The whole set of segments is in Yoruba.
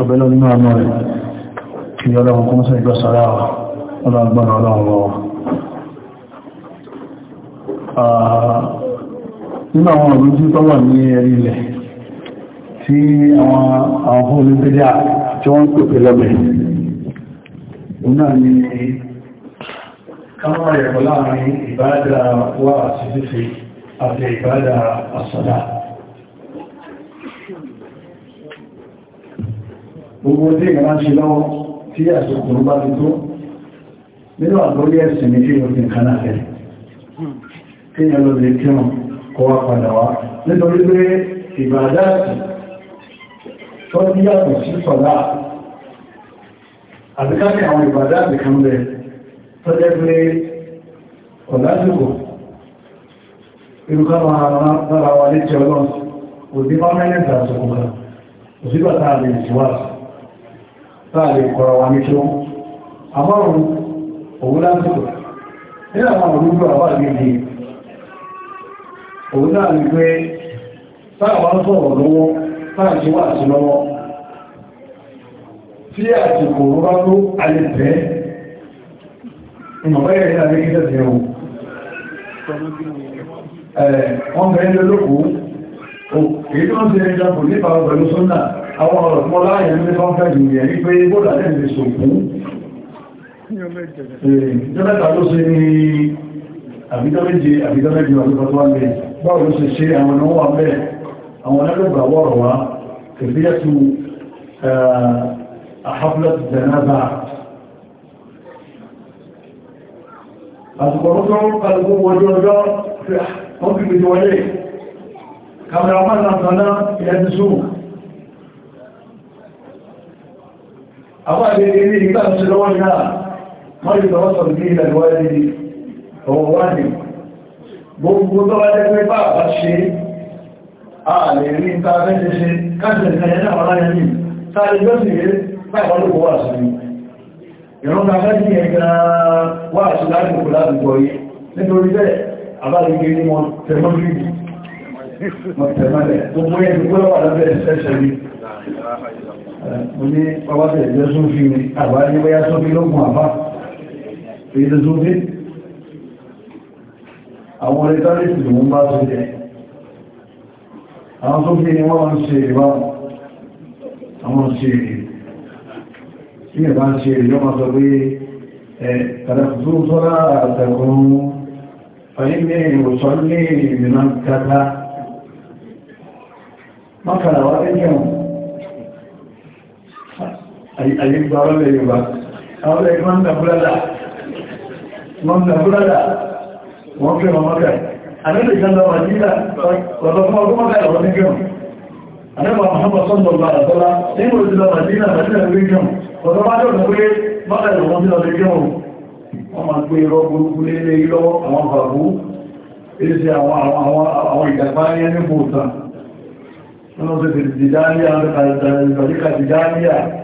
ọ̀bẹ̀lọ́ nínú àmọ́ rẹ̀ kí ọlọ́run kún sí ìgbọ́sára ọlọ́gbọ́n ọlọ́run lọ nínú àwọn ọ̀rọ̀jú tó wà ní ẹ̀rí ilẹ̀ tí àwọn àwọn olùgbẹ́lẹ̀ tí wọ́n pèpè lọ́bẹ̀ náà ni káwọn ẹ̀kọ́ láàrin ìbádà gbogbo tí ìgbà máa ń ṣe lọ́wọ́ tí àsìkò bá ti tó nínú àgbórí ẹ̀sìn ní kí o fi kan náà tẹ̀lé kí ni ọlọ́dẹ kí wọn kọ wá padà wá nítorí pé ìbàdáàtì tó ní yàtọ̀ sí sọ̀lá àbíkáàkì àwọn ìbàdáàtì kan bẹ tó jẹ́ pé ọ̀lásìkò irúkà máa rárá wa létí ọlọ́run òdí máa mẹ́rin ìdásọ̀kọ̀ kan òsígbàtà àlè ìṣíwáṣì sáàlè kọ̀rọ̀ wa ní tó àmọ́rùn òun lásìkò nínú àwọn olúgbò àwọn àgbègbè òun náà ní pé sáàwà ń sọ̀rọ̀ lọ́wọ́ sáàjì wà sí lọ́wọ́ tí tó alẹ́bẹ̀ ní tẹ̀sẹ̀ àwọn ọ̀rọ̀ tí wọ́n láàyè ní kọ́nfẹ́jì yẹ̀ ní pé bóòdà lẹ́yìn ti sòkú jọ́mẹ́ta ló ṣe ní àbídọ́méje àbídọ́méje ọ̀tọ́tọ́ wá lè báwo ló ṣe ṣe àwọn ọmọ wà bẹ́ẹ̀ àwọn ẹlẹ́gbà wọ́rọ̀ wá kẹfíyàtù àhaflẹ́t jẹ́nàzà àtùkọ̀ tó kàlùkù wọjọ́ ọjọ́ wọ́n fi gbèjọ wọlé kàmẹ́rà máa nàtàná ìyẹ́ ti sùn àwọn àgbẹ̀rẹ̀ ilé ìgbà ṣe lọ́wọ́ ní náà wọ́n lè tọwọ́ sọ̀rọ̀ ní ilẹ̀ ìwádìí ọwọ́ wádìí gbogbo tó bá jẹ́ pé bá bá ṣe a lè rí ta fẹ́ ṣe káṣẹ̀ ìfẹ̀yẹ́ náà wọ́n láyé yìí sáré yóò sì rí báwọn ló wà sí ni ìrún ta fẹ́ sí ẹ̀gbẹ́ wà sí lágbègbè lágbègbè yìí nítorí bẹ́ẹ̀ àbáyé ní mo ní pàwọ́sẹ̀ ìjẹ́ sófí ni àbá ní bóyá sófí lókun àbá èyí tó sófí àwọn orí tọ́lẹ̀tì ló ń bá tó jẹ àwọn sófí ni wọ́n ń ṣe ìwá àwọn ṣe tí ẹ̀ bá ń ṣe ìjọ máa sọ pé ẹ̀ kàdàkùtù sọ́lá àtẹ̀kùn fàyínlẹ̀ ìwòsàn ní ìrìnà kàtà mọ́kànlá wá ayé gba ọlọ́lẹ̀ yorùbá àwọn ẹgbẹ́ wọ́n ń dàbúrádà wọ́n ń dàbúrádà wọ́n fẹ́ wọn mọ́kà àdẹ́lẹ̀ ìjọba màjíríà ọ̀dọ̀ fún ọdún mọ́kà ìwọ̀n ní gẹ̀mù àdẹ́bà mọ́hàmà sọ́ndọ̀ bá àtọ́lá nínú ìjọba màjíríà màjíríà ní gẹ̀mù ọ̀dọ̀ bá dọ̀ pé mọ́kà ìwọ̀n ní ọdún gẹ̀mù wọ́n máa gbé irọ́ burúkú lélẹ̀ lọ́wọ́ àwọn bàbú èsì àwọn ìjàgbá ní ẹni bòòtà wọ́n lọ sí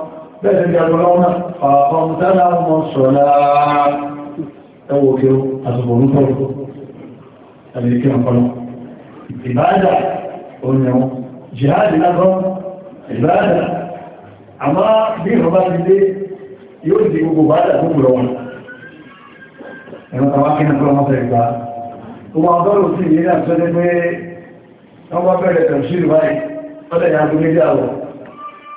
bẹ́ẹ̀ ni àgbọ̀lọ́wọ́ fàkọ̀mtánà ọmọ sọ̀lá ẹwọ kí ó àtùbọ̀ ń tọ́rọ tàbí kí ọ̀pọ̀lọ́ ìbáadà oníyàwó jihadi lábọ́ ìbáadà àmá bí ìrọ̀bá ti dé yóò di gbogbo báadà tó gbùrọ̀ wọn ẹ̀rọ tàwá kí ní ọ̀pọ̀lọ́ mọ́sẹ̀ ìgbà ó máa dọ́rọ̀ sí ìyẹn àti sọ́dẹ́ pé wọ́n bá bẹ̀rẹ̀ tẹ̀síìrì báyìí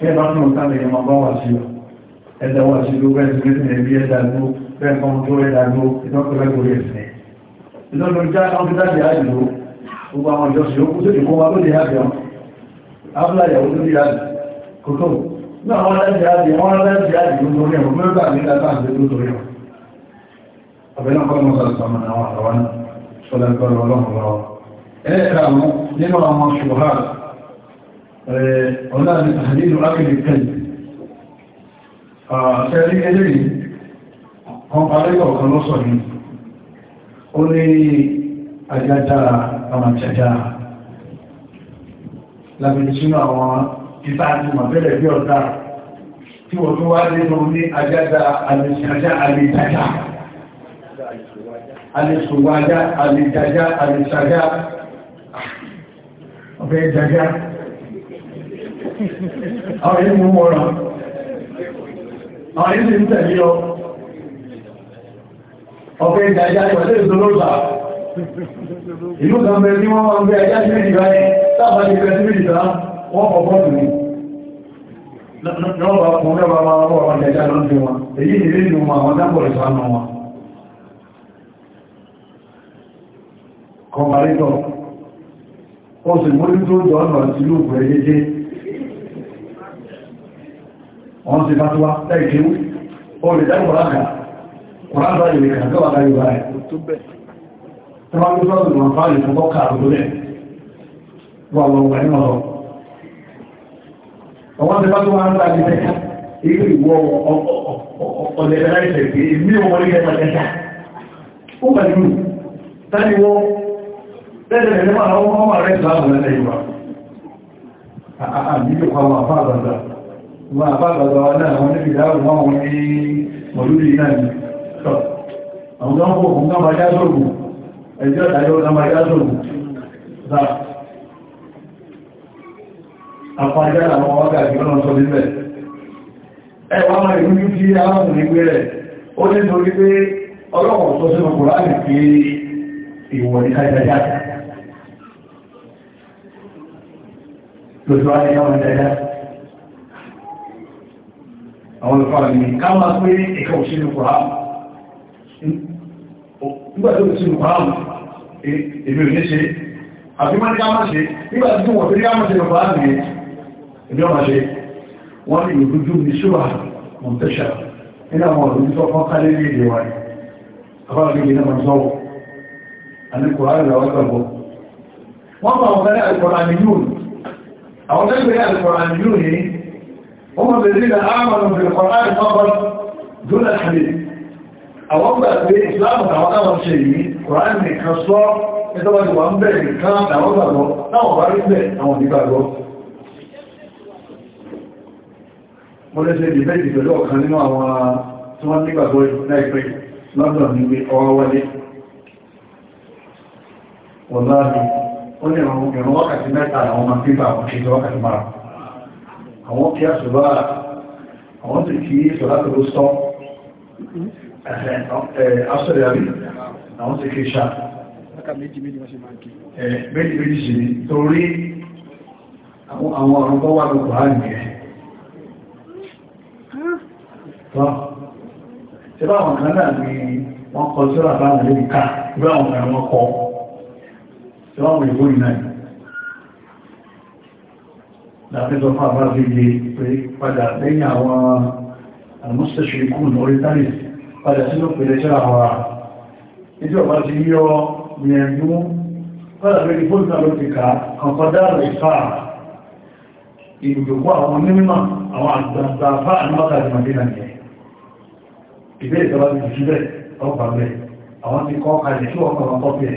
tí ẹ bá tún ọ̀tá lè yẹmọ bá wà sí ẹ̀dà wà sí ló bẹ́ẹ̀ sí lẹ́sìn ẹ̀bí ẹ̀dà ló bẹ́ẹ̀ kan tó ẹ̀dà ló ìtọ́kọ̀lẹ́ kò lè sìn ìtọ́kọ̀ já ọdún jáde àjò ló gbogbo àwọn ìjọ sí ókú tó lè kó wa ló lè yá bẹ̀rọ abúlá ìyàwó tó lè yá bẹ̀ kò tó ní àwọn aláìsí àjò àwọn aláìsí àjò ló lórí ẹ̀mọ́ mẹ́rin bá mi ká sáà lé lórí ẹ̀mọ́ ọ̀bẹ̀ náà kọ́ mọ́sà sọmọ àwọn àwọn sọlẹ̀ kọ́ lọ́wọ́ ẹ̀ẹ́kà mú nínú àwọn ṣùgbọ́n Eh, ọ̀nà àdínú ákìlìkẹ́lì ṣẹ́rí eléyìí kan parẹ́ ọ̀kan lọ́sọ̀ ní ó ní àjájá àmàjájá lábìlì sínú àwọn títà àti màbẹ́rẹ̀ bí ọ̀dá tí wọ́n tó wá nínú ní àjájá àmìjájá àmìjájá àmìsùwájá àmìjájá àmìjájá ọ̀fẹ́ jájá àwọn ìlú mọ́ra àwọn ìlú tẹ̀lé ọ ọ̀fẹ́ ìdájá ìwọ̀lẹ́ ìdólógbà ìlú kan bẹ̀rẹ̀ wọ́n wọ́n gbé ajá méjì báyìí sáàbà ní ìfẹ́ sí méjì bá wọ́n ọ̀pọ̀ tù ní lọ́wọ́ ọkùn mẹ́wàá tó jọ ọ̀nà àti ìlú òkú ẹ̀yẹ́jẹ́ wọ́n ti fàtíwá lẹ́ẹ̀kí ó lè dẹ́rù ọ̀láka ìwé tó bá wọn ọ̀rọ̀ ń tàbí ilé wọn àbábàbà wọn náà wọn níbi dáàbò wọn wọn ní mọ̀lúrí náà ni sọ àwọn tó ń kó òun náà máa já sóògùn ẹjọ́ ìdájọ́ náà máa já sóògùn náà àwọn ajá àwọn ọgá àti ọlọ́run sọ níbẹ̀ ẹ wọ́n máa ìlú tí aláwọ̀ ní gbé rẹ̀ ó ní torí pé ọlọ́run sọ sínú kùránì pé ìwọ̀ ní kájájá lóṣù á ní káwọn jájá àwọn ìfàrà ní ká máa pé ẹ̀kọ́ òṣèlú kòránù nígbàtí òṣèlú kòránù èmi ò ní ṣe àbí máa ní ká máa ṣe nígbàtí tí wọ́n fi ká máa ṣe kòránù ní ẹbí ọmọ ṣe wọ́n ní ìrújú ní ṣúwà mọ̀tẹ́ṣà nínú àwọn òṣèlú tó fọ́n kálé ní èdè wa àbára ní ìgbìnà máa sọ́wọ́ àní kòránù làwọn هم الذين آمنوا بالقرآن فقط دون الحديث أو أبدأ بإسلام كما شيء قرآن كسر إذا بدوا أنبئ الكلام أو بدوا أو بدوا أو بدوا mo lẹ́sẹ̀ ìbẹ́jì pẹ̀lú ọ̀kan nínú àwọn tí wọ́n nígbàgbọ́ láìpẹ́ lọ́dọ̀ níbi ọwọ́ wọlé wọ̀láàbí ó ní ẹ̀rọ wákàtí mẹ́ta àwọn ọmọ pípà òkèjọ wákàtí márùn àwọn kí àṣùbá àwọn tí kí sọ̀látò ló sọ àṣọ̀rẹ̀ àrí àwọn tí kí ṣá méjì méjì sí torí àwọn àrùn tó wà lókò á nìyẹ tí bá àwọn kan náà ni wọ́n kọ sí ọ̀rọ̀ àbáwọn lórí ká ìgbà àwọn kan wọ́n kọ tí wọ́n wọ́n ìwó ìnáyìí láfẹ́sọ fún àbábíye pé padà lẹ́yìn àwọn àmúṣẹ́ṣirikún orítàlìs padà sínú pèlẹ̀ ṣẹ́ra wa nítorí ọba ti yọ gbìyànjú padà lórí fóònù ló ti ká kọ̀kọ́dá rẹ̀ fà ìgbògbò àwọn onímọ̀ àwọn àgbàgbà fà àníwọ̀ta àti màdínà jẹ ìbéèrè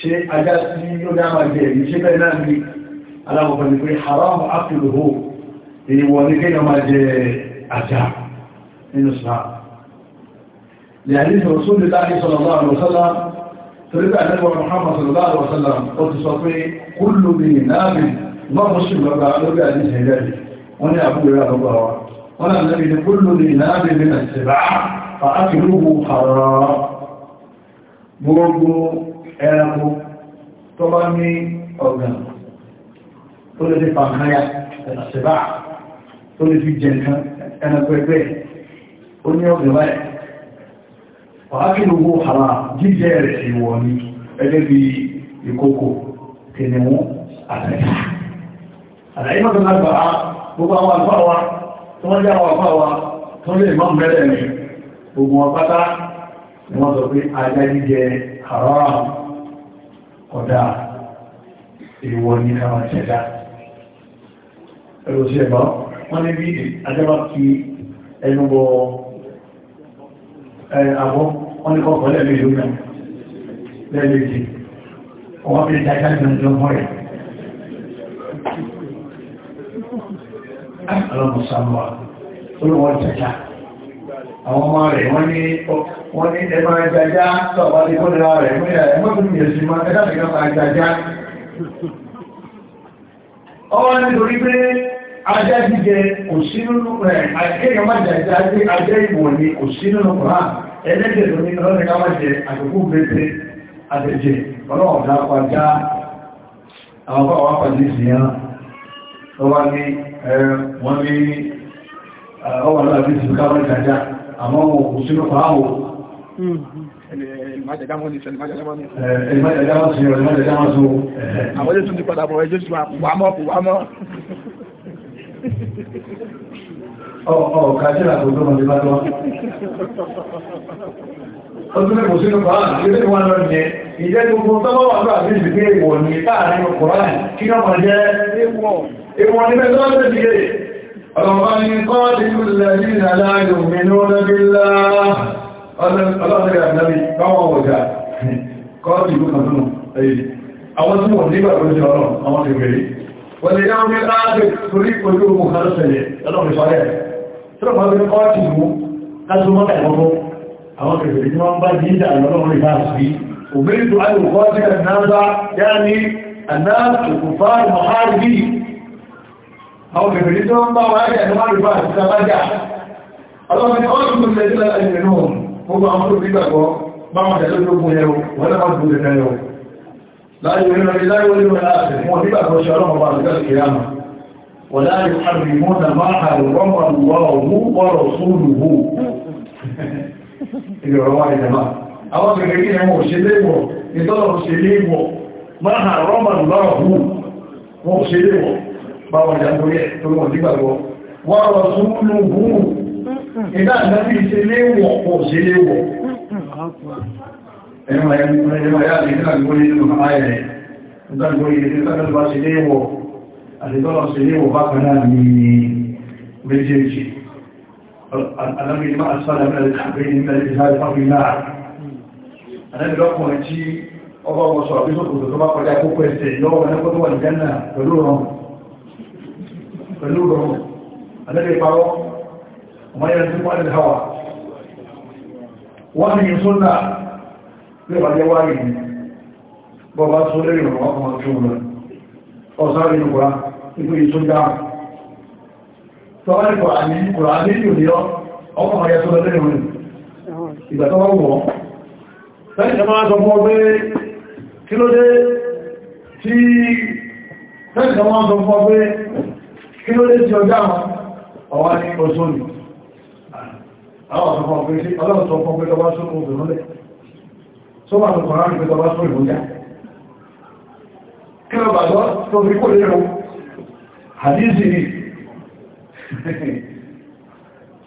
ṣe ajá sí ló dáma jẹ èyí ṣe bẹ́ẹ̀ náà ní aláwọ̀bọ̀ ní pé haram akìlòhò èèwọ̀ ní kéèyàn máa jẹ ajá nínú sùnà lẹ́yìn ìṣòro lè láti sallallahu alaihi wasallam torí pé àdẹ́gbọ̀n Muhammad sallallahu alaihi wasallam ó ti sọ pé kullu bí náàbì lọ́pọ̀ sí lọ́gbà lórí àdíṣẹ́ ìrẹ́lì wọ́n ní àbúrẹ́ àlọ́gbà wa wọ́n ní kullu bí náàbì nínú ìṣẹ̀bá ẹranko tó bá ní ọ̀gàn tó lè fi fàǹkáyà ẹ̀sẹ̀bá tó lè fi jẹ nǹkan ẹranko ẹgbẹ́ ó ní ọ̀gàn báyìí wàhákìlúgbò àrà jíjẹ rẹ̀ ìwọ̀ ni ẹgbẹ́ bí ìkókò tẹ̀lẹ̀mú àtẹ̀lẹ̀ àtẹ̀lẹ̀ ìmọ̀ tó lágbàá gbogbo àwọn àlùfáà tó wọ́n ni gbogbo wọn pátá ni wọ́n sọ pé ajá jíjẹ àrà ọ̀dá ìwọ ní káwà tẹ̀dá ẹ̀rọ sí ẹ̀bá wọ́n ní bí ajẹ́bá kí ẹnu bọ àbọ́ wọ́n ní kọ́kọ́ lẹ́lẹ́ ìlú náà lẹ́lẹ́ ìdí ọwọ́ bí ìdájá ìgbà ìjọ mọ́ rẹ̀ ọlọ́mọ sáwọn olówó ìjẹta àwọn ọmọ rẹ̀ wọ́n ní ọkà wọ́n ní ẹ̀mọ́ ajájá tọ́ọ̀bá lè kó nira rẹ̀ fún ìyàrá ẹ̀mọ́ tó ní èsì máa ẹ̀dá ìgbà máa ajájá. ọwọ́ nítorí pé ajá jíjẹ kò sí nínú rẹ̀ àkéèyàn má jàjá pé ajá ìwọ̀ ni kò sí nínú kùrá ẹlẹ́jẹ̀ tó ní lọ́nà ká má jẹ àkókò pété àtẹ̀jẹ̀ ọlọ́run dá pàjá àwọn bá wà pàdé sí yẹn lọ́wọ́ ní wọ́n ní ọwọ́ aláàbí ti ká má jàjá àmọ́ òkú sínú kùrá Ìmájẹ̀dámọ́ Àwọn ẹjọ́ ti padà bọ̀ ẹjọ́ sí wa pàmọ́ pàmọ́. Ọ̀ kàṣẹ́ àkójọ́ mọ̀ ní bá tọ́. Ọdún mẹ́kùn sínú pàá, ilé wọn lọ ní ìjẹ́ gbogbo tọ́wọ́ wà tó àti ìgbé ìwọ̀ ní láàrin ọkùnrin kí náà mọ̀ jẹ́ ìwọ̀n ní mẹ́tọ́ lọ́dẹ̀ ọlọ́rẹ̀ àdábì káwọn ọjà kọ́ọ̀tì ìlú kan túnmù àwọn tí wọ́n nígbà lórí ọ̀rọ̀ àwọn ti gbèrè wọ́n lè yá omi láàbẹ̀ torí ojú ogun kan sẹ̀lẹ̀ ọlọ́rẹ̀ sọ́rẹ̀ tí wọ́n máa fi kọ́ọ̀tì mú kájú mọ́ta ìwọ́n àwọn kẹfẹ̀ẹ́ tí wọ́n bá jí ìjà lọ́rọ̀ ìbá sí òmìnirí tó ayò kọ́ọ̀tì kan náà bá yá ní anáàtò kò fá ìmọ̀háàrí àwọn kẹfẹ̀ẹ́ tí gbogbo àwọn tó gbígbàgbọ́ báwọn tẹ̀lé lógún yẹ̀wò wọ́n lọ́wọ́ gbogbo ìfẹ́ yẹ̀wò láyé orí lórí láyé orí lórí láàṣẹ wọn nígbàgbọ́ ṣe ọlọ́mọ bá lùgbà sí àmà wọ́n láyé àrùn ìmọ̀ nà máa ọ̀rọ̀ sóòlù hù ìrọ̀rọ̀ wà ìjọba àwọn kẹ̀kẹ́ kí ẹwọ̀n ṣe léwọ̀ ìtọ́lọ̀ ṣe léwọ̀ máa àrọ́mọ̀ lùwọ́ wọ́n ṣe léwọ̀ báwọn hù ìdá àdábí ṣe léwọ̀ pọ̀ ṣe léwọ̀ ẹ̀mọ̀ ẹ̀mọ̀ yáà lè nígbà gbóyé nínú ayẹ̀ nígbà gbóyé nígbà gbóyé ṣe léwọ̀ àdìtọ́lọ̀ ṣe léwọ̀ bákan náà ní méjèèjì alábi ní máa sọ́lá mẹ́rin àbẹ́yìn ní mẹ́rin ìsáyẹ̀ fáwọn ilá alábi lọ́kùnrin tí ọba ọmọ sọ̀rọ̀ bí sókòtò tó bá kọjá kókó ẹsẹ̀ lọ́wọ́ ẹnẹ́kọ́ tó wà ní gánà pẹ̀lú rọrùn pẹ̀lú rọrùn alábi parọ́ وما ينطق عن الهوى وهي سنة لغد والده بابا سوري وقام جملة وصار القرآن يقول tó lẹ́lẹ́ ìwọ̀n ìgbà tó wọ́n wọ́n fẹ́ẹ̀ṣẹ̀ máa sọ fún ọgbẹ́ kí ló dé tí fẹ́ẹ̀ṣẹ̀ máa sọ fún ọgbẹ́ kí ló dé tí ọjá àwọn ọwá ní oṣù nìí àwọn ọ̀sọ̀kan pé sí ọlọ́run sọ fún pé tọba sún obìnrin lẹ̀ tó máa lùkọ̀ rárí pé kí lọ bàbá tó fi kó lérò àdíjì rí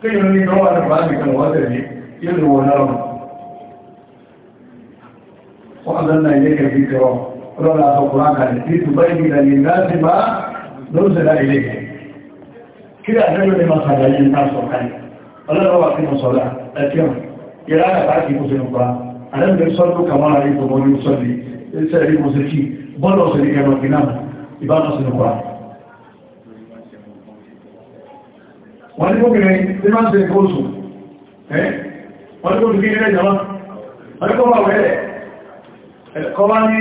kí yìí ní ìdánwà nípa àdìkan wọ́n tẹ̀lé yóò lè wọ́n lọ́rùn wọ́n adánà ilé kẹfì tẹ̀rọ ọlọ́run àtọkùnrin ọlọ́rọ̀ wà sínú sọ́lá ẹ̀kẹ́m ìrá àtàkì kò sínú pa àdẹ́bẹ̀ sọ́lú kàwọn àrí kò mọ́rí sọ́lú iṣẹ́ rí mọ́sí kí bọ́lọ̀ sí ní ẹ̀rọ ìgbìnà ìbámu sínú pa wọ́n ní obìnrin tí máa ń se kóòsù wọ́n ní obìnrin ilẹ̀ jọmọ́ wọ́n ní kọ́ wà wẹ́rẹ̀ ẹ̀kọ́ wá ní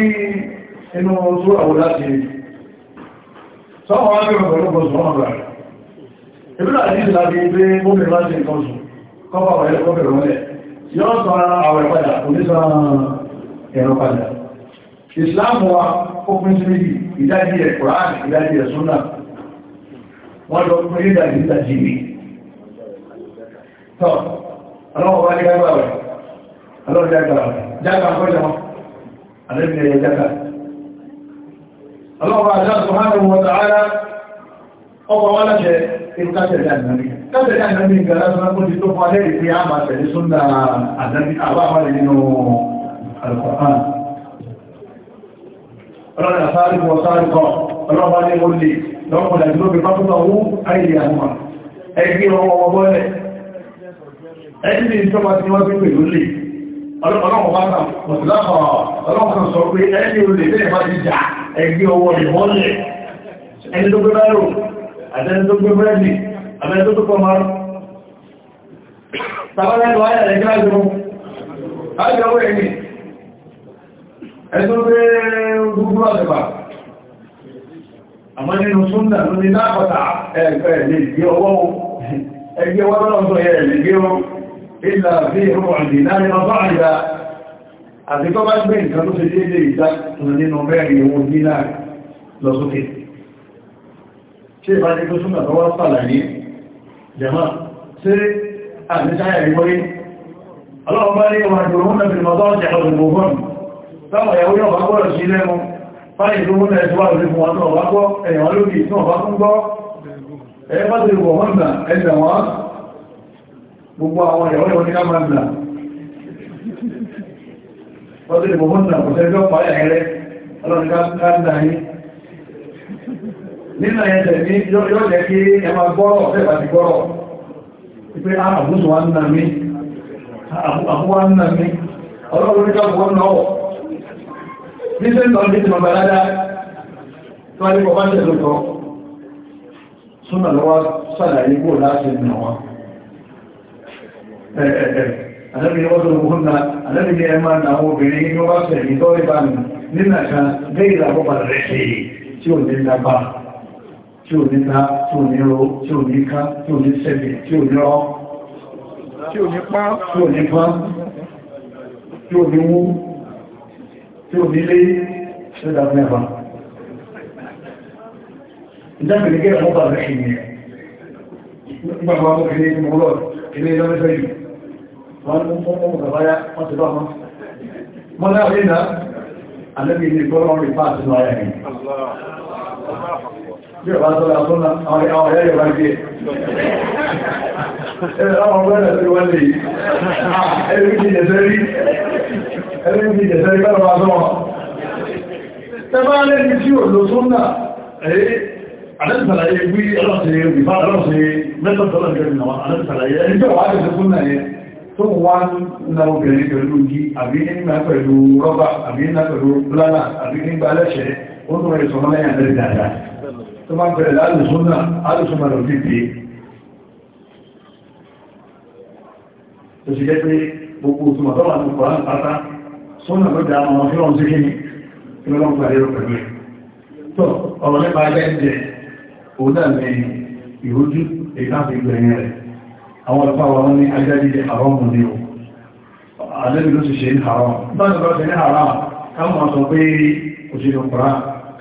inú tó àwòrán sí sọ́wọ́n wá bí ọ̀pọ̀lọpọ̀ sọ́wọ́n rẹ̀ ìbílẹ̀ àti ìlàbí ilé gómìnà láti ìkọsù kọ́pàá wà ilẹ̀ gómìnà rẹ̀ yóò sọ ara àwẹ̀ padà kò ní sọ́rọ̀ ẹ̀rọ padà ìsìláàmù wa ó pín sí méjì ìdájí ẹ̀ kùránì ìdájí ẹ̀ súnà wọ́n lọ pín ìdájí ìdájí mi tọ́ ọlọ́wọ́ wá ní gbàgbà rẹ̀ ọlọ́wọ́ jágbà rẹ̀ jágbà kọjá àlẹ́bí ẹ̀yẹ jágbà ọlọ́wọ́ àjá sọ̀hánù ìtàtẹ̀lẹ̀ àdánì tàtẹ̀lẹ̀ àdánì ìgbàlá sọ́nà kó ti tó fún alẹ́ ìpé àmà tẹ̀lé sọ́nà àdánì àbáwọlẹ̀ nínú alfàfán ọlọ́rẹ̀ àsáàríkọ̀ sáàríkọ̀ ọlọ́bàá ní olè lọ́kùnlẹ̀ ló fi pápútọ̀ owó ayé àmà ẹgbẹ́ ọwọ́ ọgbọ́lẹ̀ ẹgbẹ́ ìjọba tí wọ́n fi pè lólè ọlọ́run sọ pé ẹgbẹ́ olè bẹ́ẹ̀ bá ti jà ẹgbẹ́ ọwọ́ ìwọ́lẹ̀ ẹni tó gbé bá rò àtẹni tó gbé búrẹ́dì àtẹni tó tó pọ̀ mọ́ tàbálẹ́nu ayà rẹ̀ gíra jùlọ láìjọwó ẹni ẹ̀tọ́ pé gbogbo àtẹ̀bà àmọ́ nínú súnnà ló ní lápọ̀tà ẹ̀ẹ̀kọ́ ẹ̀ lè gbé ọwọ́ ẹgbẹ́ wọ́n lọ́nà ẹ̀ lè gbé wọn ìlà bí ìrùn àdìdá ní ọjọ́ àdìdá àti tó bá gbé nǹkan tó ṣe déédéé ìdá nínú mẹ́rin owó nílá lọ sókè ṣe ìbájẹ́ tó súnmọ̀ tó wá pàlàyé jẹmọ́ sí àmìsáyà ìwọ́rí ọlọ́wọ́ bá ní ọmọ ìgbòrún náà fi mọ́tọ́ ọ̀jẹ̀ ọ̀gbọ̀gbọ̀n táwọn ìyàwó yóò bá gbọ́rọ̀ sí lẹ́nu fáyìí tó múlẹ̀ tí wà lórí fún wọn náà bá gbọ́ ẹ̀yàn lókè tí wọ́n bá tún gbọ́ ẹ̀yẹ́ bá ti wọ̀ wọ́n nà ẹ̀dà ká ń dà yín nínú ẹ̀ẹ́dẹ̀ ní yóò jẹ́ kí ẹ máa gbọ́rọ̀ fẹ́bà ti gbọ́rọ̀ pé ah, àbúsù wa nà mí àbúwá nà mí ọlọ́run ní káàkùn wọn náà ní sí ìtọ́ ní ti mọ̀ bàdádá tó wá ní kọ̀ bá ń tẹ̀lú kọ́ súnà lọ́wọ́ sàlàyé kó láti nà wọn Àdábì ni wọ́n tó lókún náà, àdábì ni ẹ máa nà àwọn obìnrin ní wọ́n bá fẹ̀ ní tọ́rí bá ìlàpọ̀ padà rẹ̀ tí ò ní lábàá tí ò ní ta tí ò ní ro tí ò ní ká tí ò ní sẹ́bẹ̀ tí ò ní ọ́ tí ò ní pá tí ò ní wú tí ò ní lé ṣẹ́dà mẹ́fà ìjábìlì gẹ́gẹ́ mọ́ bàbá ṣe ní gbàgbà mọ́ kìí mọ́ lọ ilé lọ́rẹ́fẹ́ yìí wọ́n mọ́ bí ọba sọ́lá sọ́lá àwọn ẹ̀yà yẹ̀ bá gbé ẹ̀ ọmọ bẹ́rẹ̀ sí wọ́n lè ẹ̀rí ti ah, jẹ̀sẹ̀rí ẹ̀rí ti jẹ̀sẹ̀rí bẹ́rẹ̀ wá sọ́wọ́ tẹ́bá lẹ́ni tí ò lọ sọ́nà ẹ̀rí àdẹ́sàlàyé bí ọlọ́sẹ̀ ìfà ọlọ́sẹ̀ mẹ́tọ̀tọ̀lọ́ tó wá ná obìnrin pẹ̀lú igi àbí nígbà pẹ̀lú rọ́bà àbí nígbà pẹ̀lú blánà àbí nígbà lẹ́ṣẹ̀ẹ́ ó tó rẹ̀ sọmọ́lẹ́yìn àdẹ́rẹ̀ dáadáa tó máa bẹ̀rẹ̀ lálùsúnà alùsúnà ló fi pè é tó sì jẹ́ pé gbogbo òtùmọ̀ tó wà ní kọ̀rán pátá súnà ló dáa àwọn fíwọ̀n sí kíni kí lọ́n pàdé rẹ̀ pẹ̀lú ẹ̀ tó ọ̀rọ̀ nípa ẹgbẹ́ ẹ̀jẹ̀ òun náà ní ìrójú èyí láti gbẹ̀yìn rẹ̀ àwọn ọ̀pá wọn ní ajájíjẹ àwọn ọmọ ní o àdébì ló sì ṣe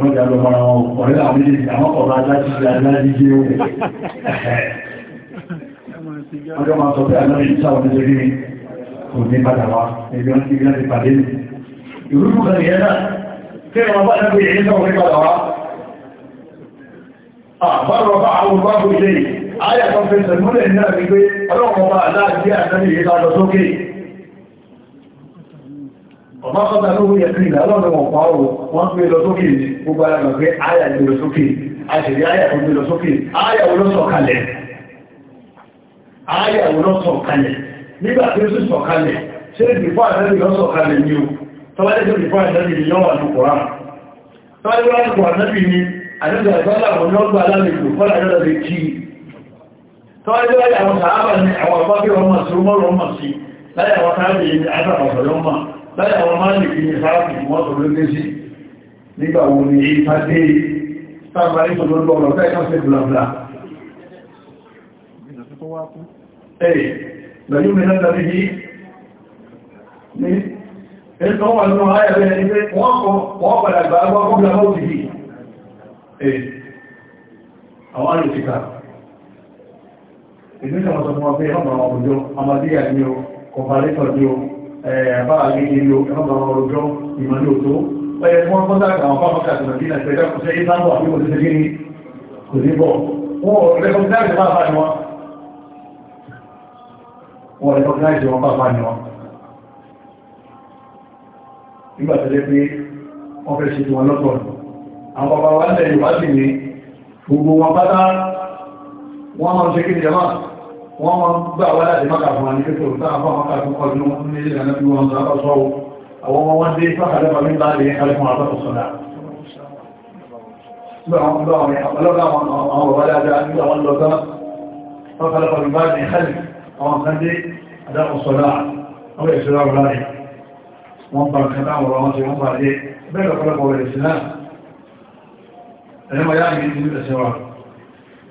wọ́n jà lọ mara wọn ọ̀rẹ́ àwọn méjèèjì àwọn ọ̀rọ̀ alájíjì alájíjì ọjọ́ máa sọ pé alájíjì sáwọn méjèèjì kò ní padà wá ẹgbẹ́ wọn ti gbé láti pàdé nì ìrúkú kan ìyẹn náà kí ẹ̀rọ bá dábò ìyẹn sáwọn ní padà wá àbárọ̀ bá àwọn olùbáwò ilé ayàtọ̀ fẹsẹ̀ múlẹ̀ ní àgbègbè ọlọ́run ọba aláàjí ọmọ ọ̀tá lówó yẹ sí ìlà lọ́dọ̀ wọn pa ọ̀rọ̀ wọ́n gbé lọ sókè gbogbo ara gbàgbé àyà gbé lọ sókè àṣèlè àyà tó gbé lọ sókè àyà wo ló sọ̀ kalẹ̀ àyà wo ló sọ̀ kalẹ̀ nígbà tí ó sì sọ̀ kalẹ̀ ṣé ìdìbò àtẹ́lẹ̀ yọ sọ̀ kalẹ̀ ni o tọ́wọ́dé tó ìdìbò àtẹ́lẹ̀ ni yọ́wà ní kòrá tọ́wọ́dé wọ́n kò àtẹ́lẹ̀ ni àdúgbà ìgbàlá àwọn ọgbà alálejò fọ́lá yọ́rọ̀ lè kí tọ́wọ́dé wọ́n àwọn sàábà ni àwọn àbábí ọmọ sí ọmọ rọ̀ ọmọ sí láyé àwọn sàábà yìí àtàkọ̀ọ̀sọ̀ lọ́mọ láyé àwọn máa lè fi ìsáàbì wọ́n tó lóké sí nígbà wo ni ìfà dé sáàbà ní tòló lọ́rọ̀ láyé kan sí blabla ẹ̀yẹ̀ lẹ́yìn mi lọ́dọ̀ bí ní ẹ̀tọ́ wà nínú ayẹ̀rẹ́ ẹni pé wọ́n kọ̀ padà gbà agbọ́ kọ́bílà mọ́ òtìdí àwọn àrùsíkà ìdíkà mọ́sọ̀mọ́ pé ọmọ ọmọ ọmọdé àti ọkọ̀bálẹ́tọ̀ ni ó àbára lè nílò ẹ̀mọ́bà wọn ọjọ́ ìmọ̀ ní òtó ọyẹ fún wọn kọ́ńtà àwọn bá wọn kàtàkì nàìjíríà ìpẹ́jọ́ kò sẹ́yìn sáà wà níbo títí ní kò ní bọ̀ wọn ò rẹ́kọ̀dáìsì bá bá ní wọn wọn rẹ́kọ̀dáìsì wọn bá bá ní wọn nígbà tó jẹ́ pé wọ́n fẹ́ ṣe tí wọn lọ́tọ̀ àwọn bàbá wa ń wá sí ní gbogbo wọn pátá wọ́n máa ń ṣe kí ni jama wọ́n máa gbà wá láti máka fún wa ní kékeré tó àwọn máka fún ọdún wọn ní ilé ìlànà bí wọn sọ àwọn sọ àwọn ọmọ wọn dé fákàlẹ́ pàmí bá lè kálẹ̀ fún àbọ̀ sọ̀dá lọ́gbà bá kan dé ọmọ tí wọ́n bá dé bẹ́ẹ̀ lọ́pọ̀lọpọ̀ ìṣẹ́lá ẹ̀lẹ́mọ̀ yáà ní ìlú ẹ̀ṣẹ́wàá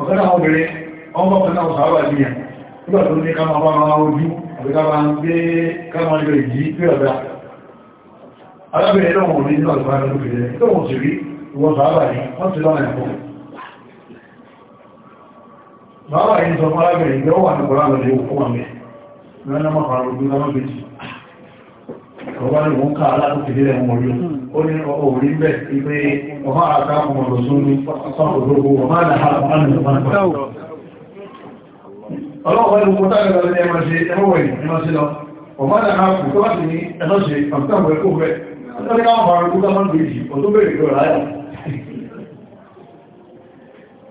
ọ̀kan náà obìnrin ọmọ ọ̀kan náà sàárà ní ẹ̀ nígbà tó ní kama bá máa ojú àbí ká máa ń gbé kama lè yí pé ọ̀dá alábìnrin náà wọ̀n ní nínú àgbà náà lókèrè tó wọ́n sì rí ìwọ̀n sàárà ní wọ́n ti lọ́nà ẹ̀kọ́ sàárà yìí sọ fún alábìnrin tó wà ní kọ́lá lọ́dẹ̀ òkú wà mẹ́ ọba ní òun ká alátòkèdè rẹ̀ mọ̀ yóò ó ní orí bẹ̀ ipé ọmọ àká ọmọ lọ́sùn ní ọgbogbo ọmọ àdáhà ọmọ àdáhà ọlọ́wọ́ ẹnu kó tágbà lọ ní ẹmọ ṣe ẹmọ́wọ̀ ìmọ̀ sí lọ ọmọ àdáhà kò láti ní ẹnọ́ ṣe àmìtàwọ̀ ẹkọ́ fẹ́ ọjọ́ káwọn bá rúkú dámọ́ gbèjì ọdún bèèrè kí ọ̀rá yà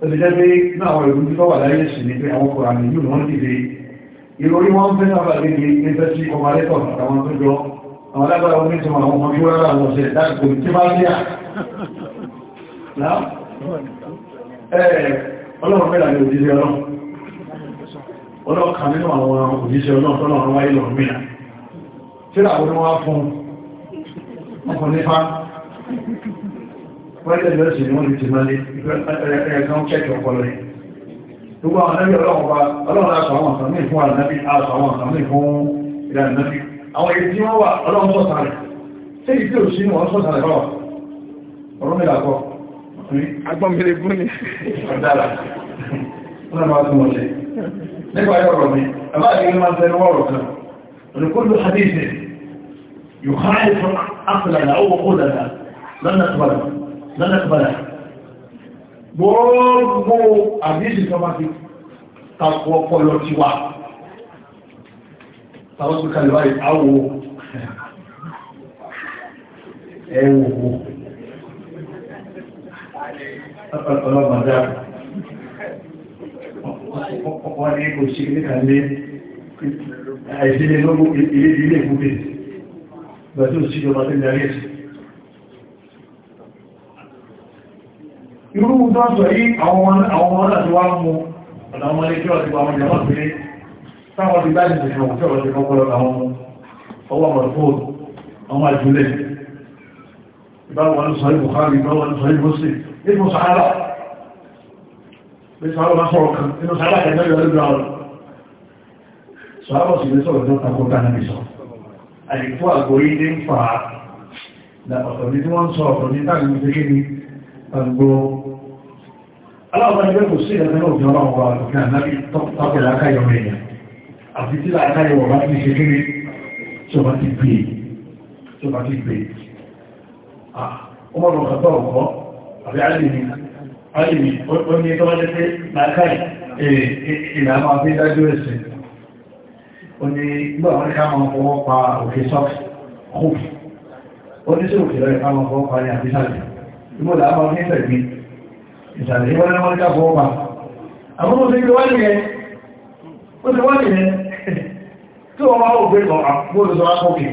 ó ti jẹ́ ni pé àwọn kòrò àmì yìí wọ́n dìde ìròyìn wọn fẹ́ náà bá gbé ní fẹ́ sí àwọn alágbára omi tí wọ́n mọ̀ bí wọ́n àwọn ọ̀sẹ̀ láti tí máa ní à ọlọ́run mẹ́ra ní òjíṣẹ́ ọlọ́run ọlọ́run kan nínú àwọn òjíṣẹ́ ọlọ́run tọ́lọ́run wáyé lọ mẹ́ra tí àwọn ọmọ wá fún ọkùn nípa wọ́n lè lọ́sì ní wọ́n lè ti máa lé ẹ̀ẹ̀kan kẹ́kẹ́ ọpọlọ rẹ̀ gbogbo àwọn ẹgbẹ́ ọlọ́run bá ọlọ́run aṣọ àwọn àtàmì fún àrẹ̀ aṣọ àwọn àtàmì fún ìrẹ̀ àwọn èyí tí wọ́n wà ọlọ́run sọ̀tà rẹ̀ tí ìdí òṣì ni wọ́n sọ̀tà rẹ̀ bọ́wà ọ̀rọ̀ mẹ́lá kọ́ agbọ́mẹ́lẹ̀ gún ni ọ̀dára wọ́n máa tún wọ́n ṣe nípa ẹ̀rọ mi àbá àti ìmọ̀ tẹnu ọ̀rọ̀ kan olùkúlù hadith yóò há ìfún táwọn tó kalẹ̀ báyìí áwò ẹwò ọlọ́mọdá wọ́n ní kò ṣe ní kàlẹ́ àìsílẹ̀ lọ́gbọ́ ilé ilé ìfúnbẹ̀ bàtí ò sí ìjọba tó ń darí ẹ̀sì irú tó sọ yí àwọn ọmọ láti wá mú ọ̀nà ọmọ ilé tí wọ́n ti wà wọn jẹ́ wọ́n pẹ̀lẹ́ táwọn ti dájú ìṣẹ́ òun tí ọ̀rọ̀ ti kọ́kọ́ lọ́nà àwọn ọwọ́ mọ̀lẹ́fóòn àwọn àjùlẹ̀ ìbáwọn sọ̀rọ̀ Bukhari ìbáwọn sọ̀rọ̀ Muslim nínú sàárà bí sàárà bá sọ̀rọ̀ kan nínú sàárà kẹta yọ lójú àwọn sọ̀rọ̀ sì lè sọ̀rọ̀ tó takò dáná bí sọ àdìkú àgbò yìí ní ń fà á na ọ̀tọ̀ ní tí wọ́n ń sọ ọ̀tọ̀ ní táàgbì ní kékeré àgbò aláwọ̀ sí ẹ̀fẹ́ náà òjò ọlọ́run wa àgbò kí àná bí tọ́pọ̀ àti tí láàkáyẹ̀ wọ̀n bá ti ṣe kéré tí bá ti gbé tí bá ti gbé ọmọ ọ̀gá bá ọ̀kọ́ àbí alìmí alìmí ó ní ẹjọ́ wájẹ́ pé láàkáyẹ̀ ìlà máa fi ẹ̀sẹ̀ ó ní gbọ́ àwọn ẹ̀ká máa fọwọ́ òkè sọ́ọ̀sì ó ní sí òkè lọ́yẹ̀ ká máa fọwọ́ ní àbísàlẹ̀ ìmọ̀lá máa fi ní wọ́n tí wọ́n máa ògbé lọ àpóòlù tó rákọ́kì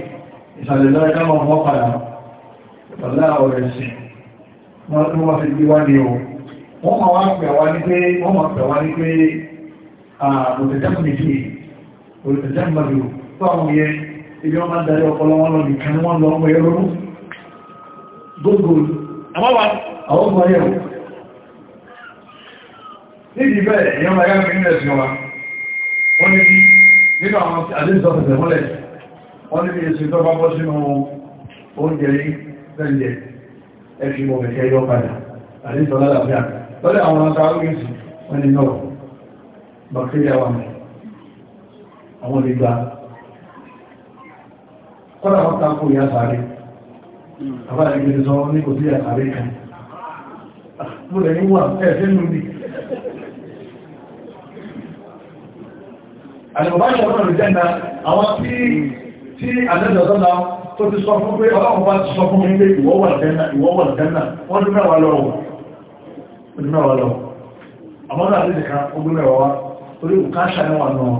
ìsàlẹ̀ lọ́rẹ́ ká máa wọ́n padà pẹ̀lú àwọn ẹ̀sìn wọ́n tó wọ́n fi gbíwá ní o wọ́n máa wá pẹ̀ wá ní pé wọ́n máa pẹ̀ wá ní pé òtẹ̀tẹ̀mìtì òtẹ̀tẹ̀mìtì tó àwọn yẹ ibi wọ́n máa darí ọpọlọ wọn lọ nìkan ni wọ́n lọ ọmọ ẹ̀rọ gbogbo àwọn ọmọ ẹ̀rọ nídìí bẹ́ẹ̀ ìyọ́n máa yá mi nílẹ̀ sí wa wọ́n ní bí nínú àwọn àdínsọ́fẹ̀fẹ̀ mọ́lẹ̀ wọ́n ní èsì tó bá bọ́ sínú oúnjẹ yìí lẹ́jẹ̀ ẹ̀fì mọ̀mẹ̀kẹ́ yọ padà àdínsọ́ lálàáfíà lọ́dẹ̀ àwọn akáwọ́gẹ́sì wọ́n ni náà bàkíríà wà mẹ́ àwọn olùgbà kọ́lá wọn tako ìyá sáré àbáyé gbèsè sọ ní kò sí ìyá sáré kan ah, mo lè ní wà àlùbáṣà ọ̀rọ̀ ìjẹ́nà àwọn tí tí àdẹ́dọ̀dọ́lá tó ti sọ fún pé ọlọ́run bá ti sọ fún mi pé ìwọ́wọ̀ ìjẹ́nà ìwọ́wọ̀ ìjẹ́nà wọ́n dún mẹ́wàá lọ́wọ́ dún mẹ́wàá lọ́wọ́ àmọ́ náà lè nìkan ogún mẹ́wàá wá torí òkáṣà ní wà náà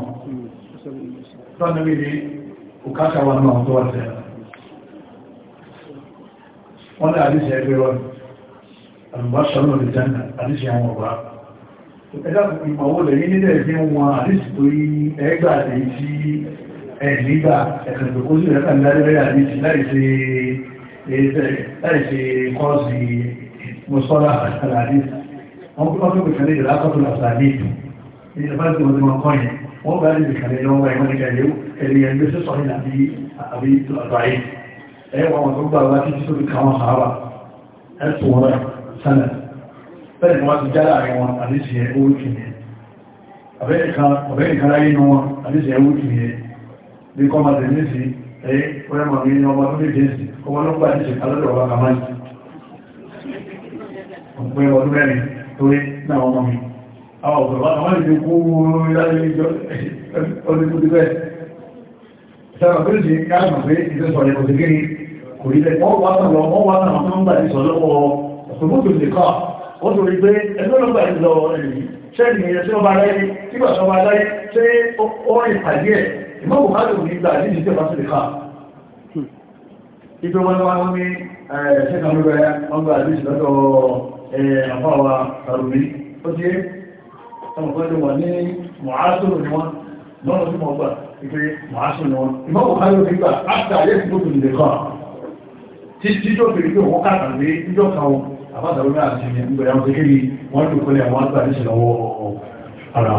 tọ́nà mi ní òkáṣà wà náà tó wà tẹ́ wọ́n ní àdíṣẹ́ ẹgbẹ́ wọn àlùbáṣà ọ̀rọ̀ ìjẹ́nà àdíṣẹ́ àwọn ọ̀gbà ẹ̀dá ìmọ̀wó lè ní nílẹ̀ bí wọn àdíṣì tó yí ẹgbà àti tí ẹ̀lígbà ẹ̀kẹ̀kẹ̀kọ́ sí ẹ̀kà ìlàlẹ́rẹ́ àdíṣì láìṣe kọ́ọ̀sì mọ́sọ́lá àdíṣì wọ́n kí wọ́n tó pẹ̀kẹ̀lẹ̀ ìlàkọ́tò làtàdí ẹ̀sùn wọn sánà bẹ́ẹ̀ ni wọ́n ti jára rẹ̀ wọn àdíṣì ẹ̀ owó kì ní ọ̀bẹ́nìkan láyé inú wọn àdíṣì ẹ̀ owó kì ní bí kọ́ máa tẹ̀lé sí ẹ̀ ọ̀rẹ́mọ̀ mi ní ọmọ tó lè dẹ́sì ọmọ ló gbà àdíṣì alọ́dọ̀ wa kàmá jù ọ̀pẹ́ ọdún mẹ́rin torí náà ọmọ mi àwọn ọ̀pẹ́ wa kàmá lè kú láyé ọdún tó ti bẹ́ẹ̀ sábà pé ṣe káàmù pé ìfẹ́sọ̀ rẹ̀ kò sí kí ni kò rí bẹ́ẹ̀ wọ́n wá náà wọ́n wá náà wọ́n ń gbà ó tó rí pé ẹgbẹ́ ìlọ ẹ̀lẹ́yìn ṣẹ́ni ẹ̀yẹ tí ó bá láyé nígbà tó bá láyé ṣé ó rìn pàdé ẹ̀ ìmọ̀kù má lòun nígbà ní ìdíjẹ́ bá sílẹ̀ ká wọn wọn ní ṣẹ́kà ló bẹ̀rẹ̀ wọn gba àdéṣì lọ́dọ̀ àfáwà ó àbádàrú àwọn tẹ́kẹ́rì wọ́n ní ṣẹlọ́wọ́ ara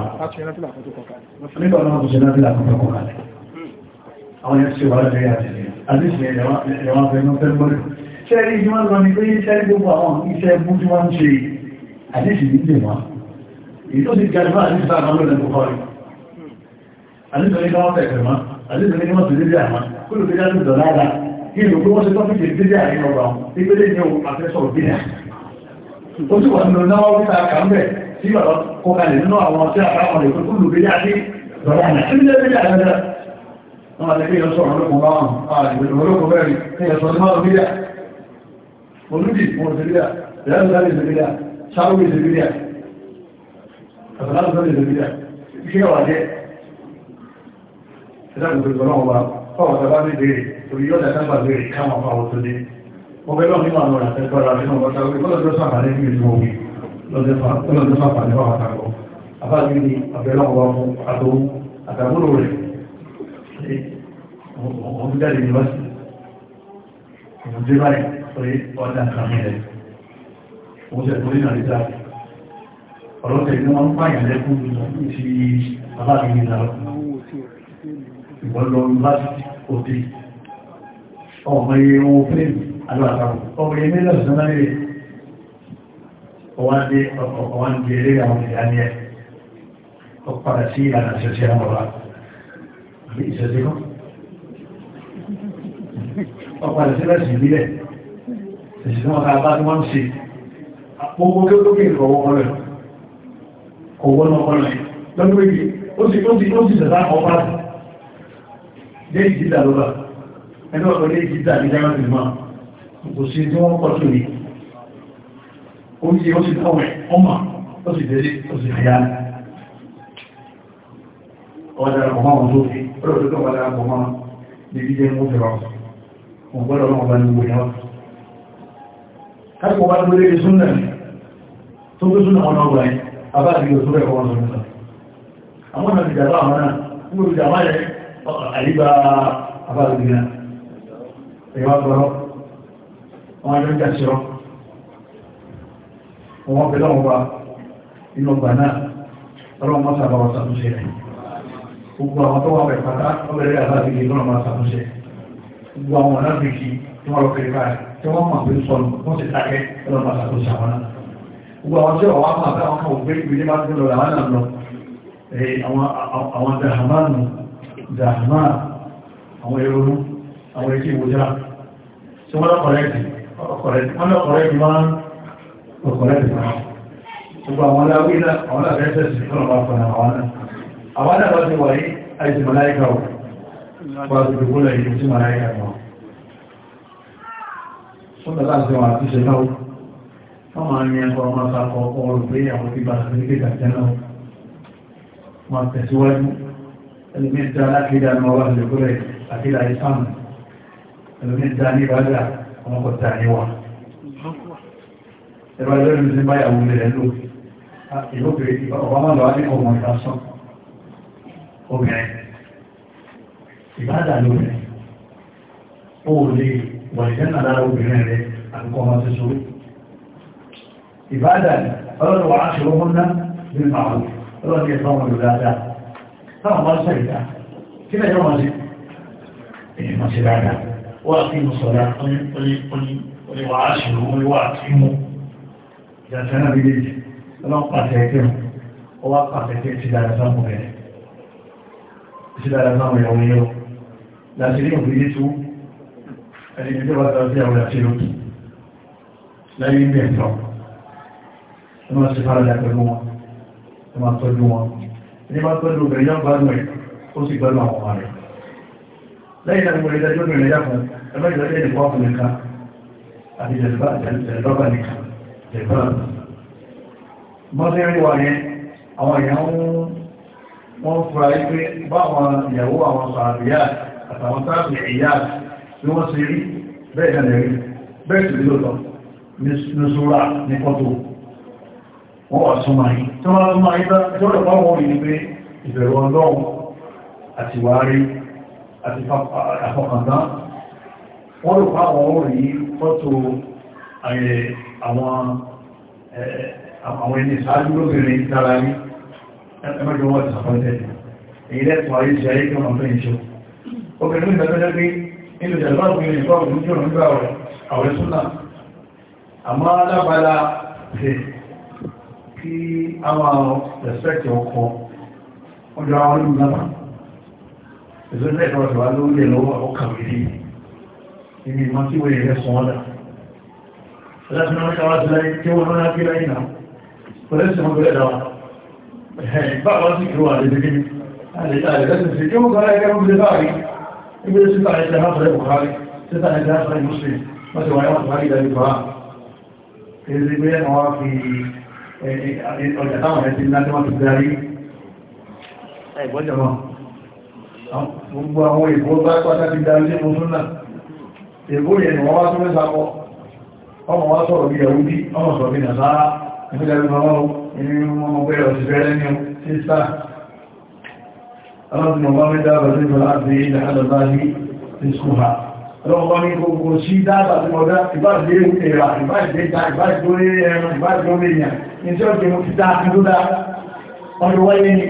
nígbà náà kò ṣe náà nílà kọ́kọ́ kọ́kọ́ àwọn yẹn ṣe wà lẹ́yìn àtẹ̀lẹ̀ àdíṣẹ́ ẹ̀wọ̀n fẹ́ẹ́ fẹ́ mọ́lẹ̀ ṣẹ́rí ìdí wọ́n lọ ní pé iṣẹ́ gbogbo àwọn iṣẹ́ ẹbú tí wọ́n ń ṣe àdíṣẹ́ ìdílé wọn èyí tó ti gẹ̀rẹ̀fà àdíṣẹ́ àwọn olóòlù kọ́kọ́ rí àdíṣẹ́ ní káwọn tẹ̀kẹ̀ mọ́ àdíṣẹ́ ní wọ́n ti dédé àmọ́ kúrò tó jáde dọ̀lára kí ìlú pé wọ́n ṣe tọ́fíkì dédé àríwọ̀ ó sì wọ́n lọ náwó wíta kàmbẹ̀ kọkàlẹ̀ nínú àwọn tí a lè kúrò lóbi yá sí bàbá àmì tí ó lè dáadáa wọ́n lè kéyàn sọ̀rọ̀ lókun bá wọn àìbẹ̀rẹ̀ olókun bẹ́ẹ̀ kéyàn sọ̀rọ̀ máa lóbi yá olúdì wọn sí ọgbẹ́lọ́ nínú àwọn àtẹ́kọ́ra nínú ọgbọ́ta orí lọ́dọ́ sàfàlẹ́ ní ìlú omi lọ́dọ́ sàfàlẹ́ wà àtàkọ́ afájú ní ọgbẹ́lọ́ ọwọ́ fún àtòun àtàkúrò rẹ̀ ọdún jáde ní wáṣí ọdún dé báyìí pé ọdún àkàmì rẹ̀ òun ṣe tó nínú àrídá ọlọ́tẹ̀ ní wọ́n ń pààyàn lẹ́kún ti afájú ní ìlà ìwọ́n lọ láti òde ọmọ iye wọn fẹ́ẹ̀mù obìnrin mílíọ̀nù tó náà rèé ọwádé ọ̀wọ́n di eré àwọn ìdáni ẹ̀ ó padà sí ìlànà ìṣẹ̀ṣẹ̀ àmọ́ra àbí ìṣẹ̀ṣẹ̀ kan ó padà sí lẹ́sìn ìbílẹ̀ ìṣẹ̀ṣẹ̀ wọn ká bá tí wọ́n ń ṣe gbogbo tó tó kéèrè ọwọ́ ọ̀rẹ́ ọwọ́ náà ọ̀pọ̀ dé kò sí tí wọ́n pọ̀ sórí oúnjẹ ó sì tọ́wẹ̀ ọmọ ó sì délé ó sì àyà ọ̀dára ọmọ àwọn tó fi ọlọ́dún tó wọ́dára ọmọ níbi jẹ́ mú fẹ́rọ wọn ọmọ bá ní gbòyàn káàkiri wọ́n bá lórí ẹni súnnà ọmọ ọgbà wọn ajọ́ ń jà sí ọ wọn pẹ̀lú ọ̀wọ́ inú ọgbà náà ọlọ́run máa sábà wà sàtúnṣe rẹ̀ gbogbo àwọn tó wà bẹ̀ pátá ọbẹ̀rẹ̀ àbáfi kì í lọ́nà máa sàtúnṣe gbogbo àwọn ọ̀nà fi kì í wọ́n lọ kiri káàkiri tí wọ́n mọ̀ pé sọnù wọ́n sì dákẹ́ lọ́nà máa sàtúnṣe àwọn náà gbogbo àwọn tí ọ̀wá máa bá wọn àwọn ọ̀nà ọ̀rẹ́ máa ọ̀kọ̀rẹ́ ìfàá gbogbo àwọn aláwí náà àwọn àfẹ́sẹ̀ sí fún ọ̀pá fún àwọn náà àwọn náà wọ́n ti wà ní àìsí màláìkà ọ̀ wọ́n ti gbogbo lẹ̀ yìí sí màláìkà ọ̀ sọ́dọ̀ láti wọ́n àti ṣe náà wọ́n máa ń yẹn kọ́ ọmọ sakọ ọrọ̀ pé àwọn ti bá sàmìlì kàjẹ́ náà máa tẹ̀síwájú ẹlòmíì dá alákìdá ní ọwọ́ àti ìgbòlẹ̀ àkìdá ìsáàmù ẹlòmíì dá ní ìbájá ọmọkọta níwà ẹ̀rọ ẹlẹ́rìí ní báyàwó rẹ̀ lò ìlóbìnrin ọba máa lọ wá ní ọmọ ìdásán obìnrin ìbáàdà lóbìnrin ó lè wà ìjẹ́nà lára obìnrin rẹ̀ àkọ́kọ́ ọmọ ti sórí ìbáàdà ọlọ́dọ̀ wà á ṣe ọmọ náà ní màálù ọlọ́dọ̀ ẹ̀fọ́ ọmọ ìlú dáadáa táwọn bá ń sọ ìdá kí lẹ́yìn ọmọ sí èyí mọ̀ sí dáadáa وأقيموا wọ́n tọ́ sí àwọn àti lókè lẹ́yìn ilé ẹ̀tọ́ ẹ máa ṣe fara dàgbẹ́ mú wọn ẹ máa tọ́jú wọn ẹni máa tọ́jú obìnrin rẹ̀ lẹ́yìn náà mo lè ẹlọ́jọ́ ẹ̀jẹ̀ ìdìbò ọkùn nìkan àti jẹ̀lẹ́bà nìkan jẹ̀lẹ́bà mọ́sẹ́rì wà yẹn àwọn èèyàn wọ́n fura wípé báwọn ìyàwó àwọn sàbíyà àtàwọn sáàbì ìyá tí wọ́n ṣe rí bẹ́ẹ̀ náà lẹ́rí bẹ́ẹ̀ sì lóòtọ́ ní ṣúra ní pọ́tò wọ́n wà súnmọ́ yìí tí wọ́n súnmọ́ yìí tọ́lọ̀ bá wọ́n yìí pé ìbẹ̀rù ọlọ́run àti wárí àti àfọkàndán wọ́n rò fáwọn orí fọ́tò àwọn ẹni ìsáájú lóbìnrin dára ní ẹmọ́jọ wọ́n ti sàpọ̀tẹ̀ èyí lẹ́tọ̀ ayé sí ayé kí wọ́n fẹ́ ìṣọ́ obìnrin ìgbẹ́gbẹ́gbẹ́ pé nínú ìjẹ̀lọ́gbìn ìfọ́gbìn ní òun gbà àwẹ̀ súnà àmọ́ alábàlá rẹ̀ kí a máa rẹ̀spẹ̀tì ọkọ̀ ọjọ́ àwọn olùgbàmà ìzọ́lẹ̀ ìfọ́gbìn wà lórí ẹ̀lọ́wọ́ ọkàwé ibi ìmọ̀ tí wọ́n yẹ sọ ọ́dà láti máa ká wá sí láyé kí wọ́n máa kí láyé náà pẹ̀lú sí wọn pẹ̀lú ẹ̀dáwà báwọn sì kí wọ́n àdédé kí ní àdédé lẹ́sìn sí kí wọ́n kọ́ láyé kẹ́kọ́ bí báyìí ibi sí ta ẹ̀jẹ̀ náà fẹ́rẹ̀ Buhari sí ta ẹ̀jẹ̀ náà fẹ́rẹ̀ Muslim wọ́n ti bá gbogbo àwọn ìbò bá pátá ti darí sí mo náà èbó yẹn ni wọ́n wá tó mẹ́ta pọ̀ ọmọ wá sọ̀rọ̀ bí ẹ̀wú bí ọmọ sọ̀rọ̀ bí nàzára ìfẹ́lẹ̀ bí mọ́mọ́ inú mọ́mọ́ pé ọ̀sì fẹ́rẹ́ ní sísá ọlọ́pìn ọmọ mẹ́ta bàtí ìfẹ́lá àti ilẹ̀ àdọ̀lá ní ìsúnha ọlọ́pọ̀ ní gbogbo sí dáàbà tí mo dá ìbáṣe èrà ìbáṣe ìta ìbáṣe tó lé ẹran ìbáṣe tó lé èèyàn ní tí ó jẹ mo ti dá àti tó dá ọdún wáyé ní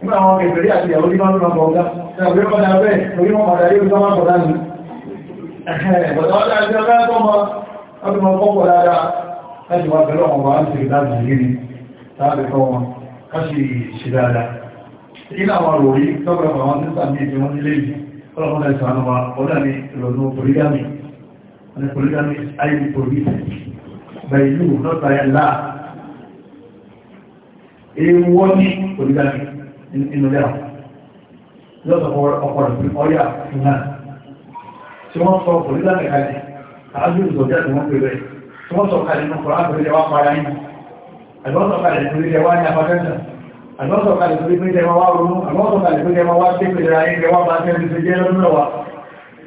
nígbà àwọn ìbẹ̀rẹ̀ àti ìyàwó ní máa ń lọ bọ̀ ọ̀gá ẹgbẹ̀rẹ̀ padà bẹ́ẹ̀ torí wọn padà yóò sọ́mọ́ pọ̀ dání Bọ̀dọ̀wọ́dá ẹjọ́ bá tọ́mọ, ọdún mọ́ kọ́kọ́ dáadáa, láti wá pẹ̀lú ọmọ wa ń tèrè láti gírí, láti tọ́ wọn, ká sì ṣe dáadáa. Ìlà àwọn òrí tọ́gbà àwọn nípa ní ìjọ wọn nílé yìí, ọlọ́mọdé ìsànà wa, ọ̀dà ni ìlọ̀nà polygamy. And polygamy is highly prohibited by you, not by Allah. Èèwọ̀ ní polygamy nínú lẹ́wọ̀n. Lọ́sọ̀kọ̀ ọkọ̀ rẹ̀ ọyà fún náà tí wọ́n sọ kò nílànà kalẹ̀ àájú ìzọ̀já tí wọ́n pè rẹ̀ tí wọ́n sọ kalẹ̀ nùkọ̀ ápùlẹ̀ wá para yìí àgbọ́sọ̀kalẹ̀ ìpínlẹ̀ wá ní afẹ́fẹ́sà àgbọ́sọ̀kalẹ̀ ìpínlẹ̀ wá ronú àgbọ́sọ̀kalẹ̀ ìpínlẹ̀ wá sí ìpínlẹ̀ ayé wá bá tẹ́ ìpínlẹ̀ jẹ́ lọ́nà wa